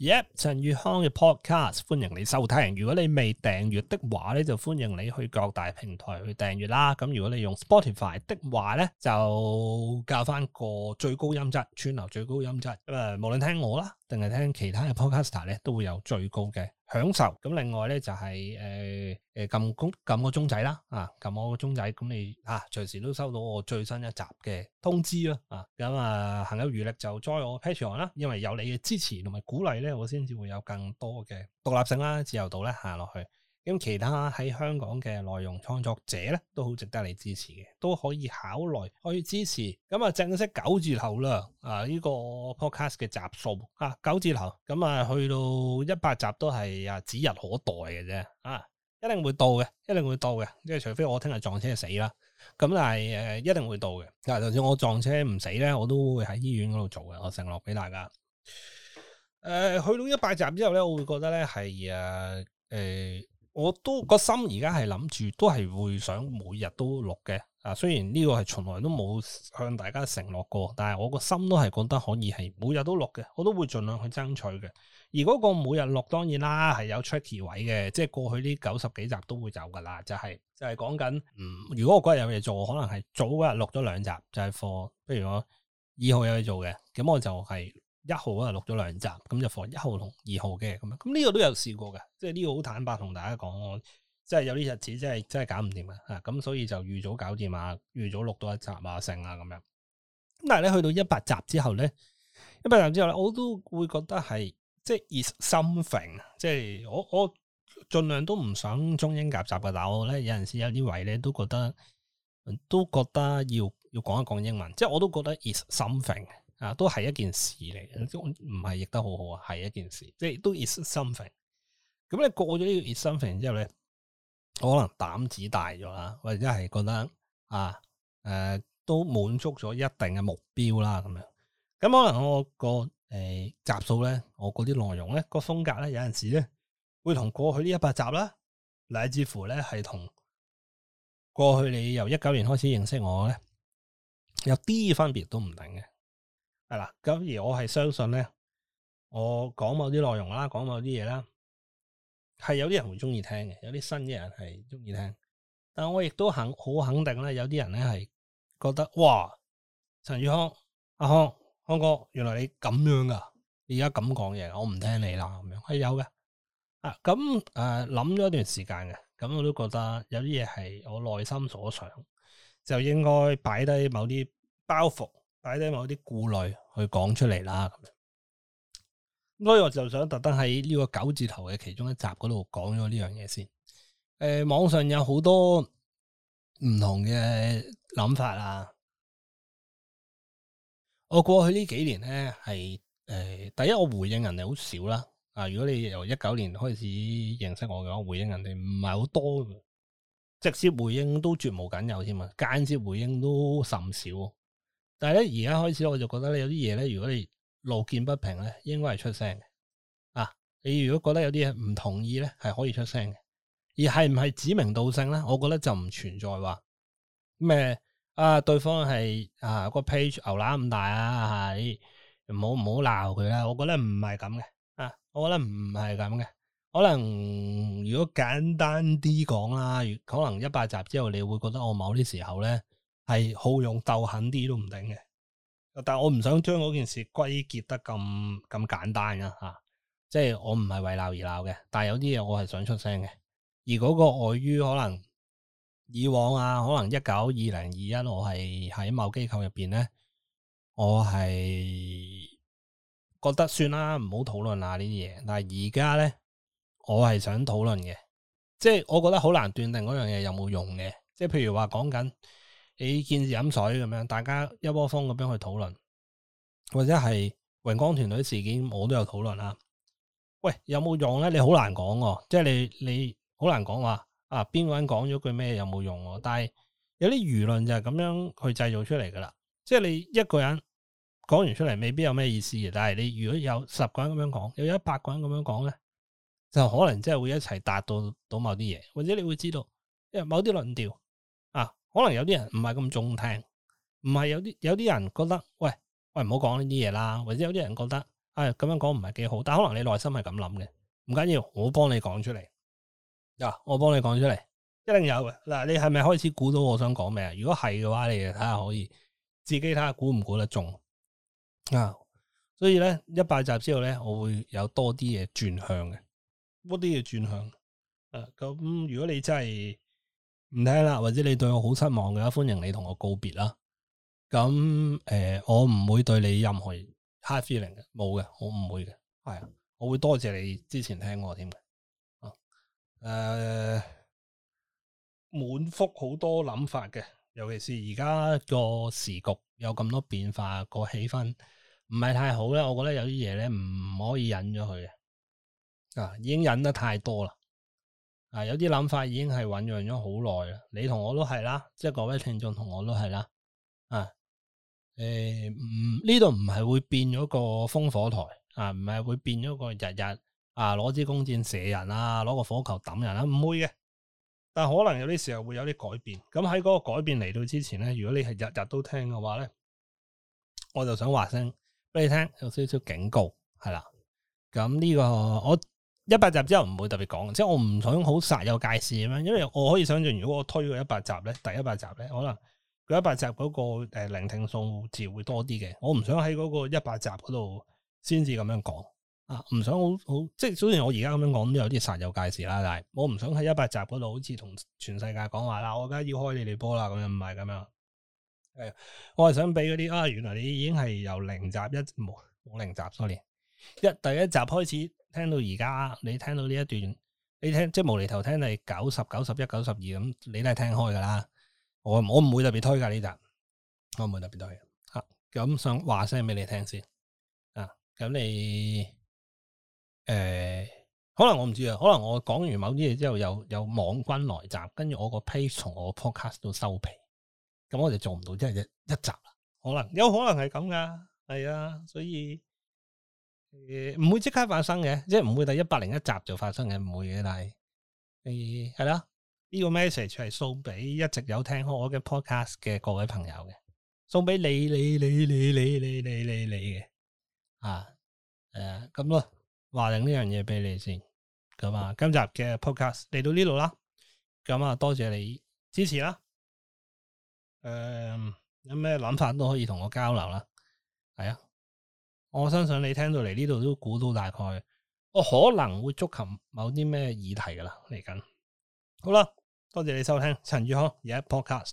Yep，陳宇康嘅 podcast，歡迎你收聽。如果你未訂閱的話呢，就歡迎你去各大平台去訂閱啦。咁如果你用 Spotify 的話呢，就教翻個最高音質，串流最高音質。咁、呃、啊，無論聽我啦，定係聽其他嘅 podcaster 都會有最高嘅。享受，咁，另外咧就係誒誒撳個鐘仔啦，啊撳我個鐘仔，咁你啊隨時都收到我最新一集嘅通知咯，啊咁啊行有餘力就 join 我 Patreon 啦，因為有你嘅支持同埋鼓勵咧，我先至會有更多嘅獨立性啦、自由度咧行落去。咁其他喺香港嘅內容創作者呢，都好值得你支持嘅，都可以考慮去支持。咁啊，正式九字頭啦，啊呢個 podcast 嘅集數啊，九字頭，咁啊去到一百集都係指日可待嘅啫，啊一定會到嘅，一定會到嘅，即係除非我聽日撞車死啦，咁但係一定會到嘅，呃啊，就算我撞車唔死呢，我都會喺醫院嗰度做嘅，我承諾畀大家。誒、呃、去到一百集之後呢，我會覺得呢係誒誒。呃呃我都、個心而家係諗住，都係會想每日都錄嘅。啊，雖然呢個係從來都冇向大家承諾過，但係我個心都係覺得可以係每日都錄嘅。我都會盡量去爭取嘅。而嗰個每日錄當然啦，係有 check 位嘅，即係過去呢九十幾集都會有噶啦。就係、是、就係講緊，嗯，如果我嗰日有嘢做，可能係早嗰日錄咗兩集就係課。譬如我二號有嘢做嘅，咁我就係、是。一號啊錄咗兩集，咁就放一號同二號嘅咁樣。咁呢個都有試過嘅，即係呢個好坦白同大家講我，即係有啲日子真係真係搞唔掂啊！咁所以就預早搞掂啊，預早錄到一集啊，剩啊咁樣。咁但係咧去到一百集之後咧，一百集之後咧，我都會覺得係即係 is something。即係我我儘量都唔想中英夾雜嘅，但我咧有陣時有啲位咧都覺得，都覺得要要講一講英文，即係我都覺得 is something。啊，都係一件事嚟嘅，都唔係譯得好好啊，係一件事，即係都 is something，嗯。咁你過咗呢個 is something 之後咧，啊呃嗯，我可能膽子大咗啦，或者係覺得啊，誒，都滿足咗一定嘅目標啦，咁樣。咁可能我個誒集數咧，我嗰啲內容咧，個風格咧，有陣時咧會同過去呢一百集啦，乃至乎咧係同過去你由一九年開始認識我咧，有啲分別都唔定嘅。係啦，咁而我係相信咧，我講某啲內容啦，講某啲嘢啦，係有啲人會中意聽嘅，有啲新嘅人係中意聽，但我亦都肯好肯定咧，有啲人咧係覺得哇，陳宇康、阿康、康哥，原來你咁樣噶，而家咁講嘢，我唔聽你啦咁樣，係有嘅。啊，咁誒諗咗一段時間嘅，咁我都覺得有啲嘢係我內心所想，就應該擺低某啲包袱。擺低某啲顧慮去講出嚟，啦，咁樣所以我就想特登喺呢個九字頭嘅其中一集嗰度講咗呢樣嘢先。誒、呃，網上有好多唔同嘅諗法啦。我過去呢幾年咧係誒，第一我回應人哋好少啦。啊、呃，如果你由一九年開始認識我嘅話，回應人哋唔係好多，直接回應都絕無僅有添啊，間接回應都甚少。但係咧，而家開始我就覺得咧，有啲嘢咧，如果你路見不平咧，應該係出聲嘅啊！你如果覺得有啲嘢唔同意咧，係可以出聲嘅，而係唔係指名道姓咧？我覺得就唔存在話咩、嗯、啊，對方係啊、那個 page 牛腩咁大啊，係你唔好唔好鬧佢啦！我覺得唔係咁嘅啊，我覺得唔係咁嘅，可能如果簡單啲講啦，可能一百集之後你會覺得我某啲時候咧。係好勇鬥狠啲都唔定嘅，但係我唔想將嗰件事歸結得咁咁簡單噶、啊、吓、啊，即係我唔係為鬧而鬧嘅，但係有啲嘢我係想出聲嘅。而嗰個礙於可能以往啊，可能一九、二零、二一，我係喺某機構入邊咧，我係覺得算啦，唔好討論啊呢啲嘢。但係而家咧，我係想討論嘅，即係我覺得好難斷定嗰樣嘢有冇用嘅，即係譬如話講緊。你見飲水咁樣，大家一窩蜂咁樣去討論，或者係榮光團隊事件，我都有討論啦。喂，有冇用咧？你好難講哦，即係你你好難講話啊！邊個人講咗句咩有冇用？但係有啲輿論就係咁樣去製造出嚟噶啦。即係你一個人講完出嚟，未必有咩意思。但係你如果有十個人咁樣講，有一百個人咁樣講咧，就可能即係會一齊達到到某啲嘢，或者你會知道，因為某啲論調。可能有啲人唔係咁中聽，唔係，有啲有啲人覺得，喂喂，唔好講呢啲嘢啦，或者有啲人覺得，唉、哎，咁樣講唔係幾好，但可能你內心係咁諗嘅，唔緊要，我幫你講出嚟。嗱、啊、我幫你講出嚟，一定有嘅嗱。你係咪開始估到我想講咩啊？如果係嘅話，你就睇下可以自己睇下估唔估得中啊？所以咧一百集之後咧，我會有多啲嘢轉向嘅，多啲嘢轉向，誒、啊、咁如果你真係。唔聽啦，或者你對我好失望嘅，歡迎你同我告別啦。咁誒、呃，我唔會對你任何 hard feeling 嘅，冇嘅，我唔會嘅。係啊的，我會多謝你之前聽我添嘅。啊，誒、呃，滿腹好多諗法嘅，尤其是而家個時局有咁多變化，個氣氛唔係太好啦。我覺得有啲嘢咧唔可以忍咗佢嘅，啊，已經忍得太多啦。啊！有啲諗法已經係醞釀咗好耐啦，你同我都係啦，即係各位聽眾同我都係啦。啊，誒、欸，唔呢度唔係會變咗個烽火台啊，唔係會變咗個日日啊，攞支弓箭射人啊，攞個火球抌人啊，唔會嘅。但可能有啲時候會有啲改變，咁喺嗰個改變嚟到之前咧，如果你係日日都聽嘅話咧，我就想話聲俾你聽，有少少，少警告係啦。咁呢、這個我。一百集之後唔會特別講，即係我唔想好煞有介事。嘅咩？因為我可以想象，如果我推咗一百集咧，第一百集咧，可能嗰一百集嗰、那個誒、呃、聆聽數字會多啲嘅。我唔想喺嗰個一百集嗰度先至咁樣講啊，唔想好好即係，雖然我而家咁樣講都有啲煞有介事啦，但係我唔想喺一百集嗰度，好似同全世界講話啦，我而家要開你哋波啦，咁樣唔係咁樣。誒、嗯，我係想俾嗰啲啊，原來你已經係由零集一冇零集多年，一第一集開始。聽到而家，你聽到呢一段，你聽即係無厘頭聽 90, 91, 92, 你九十九十一九十二咁，你都係聽開噶啦。我我唔會特別推噶呢集，我唔會特別推。吓，咁想話聲俾你聽先啊。咁你誒、啊欸，可能我唔知啊。可能我講完某啲嘢之後，有有網軍來襲，跟住我個 page 從我 podcast 度收皮，咁我就做唔到，即係一一集啦。可能有可能係咁噶，係啊，所以。誒，唔、呃、會即刻發生嘅，即係唔會第一百零一集就發生嘅，唔會嘅。但係，誒係啦，呢個 message 係送俾一直有聽開我嘅 podcast 嘅各位朋友嘅，送俾你你你你你你你你嘅，啊，誒、呃，咁咯，話定呢樣嘢俾你先，咁、嗯、啊，今集嘅 podcast 嚟到呢度啦，咁、嗯、啊，多謝你支持啦，誒、呃，有咩諗法都可以同我交流啦，係啊。我相信你聽到嚟，呢度都估到大概，我可能會觸及某啲咩議題㗎喇，嚟緊。好啦，多謝你收聽陳宇康而家 podcast。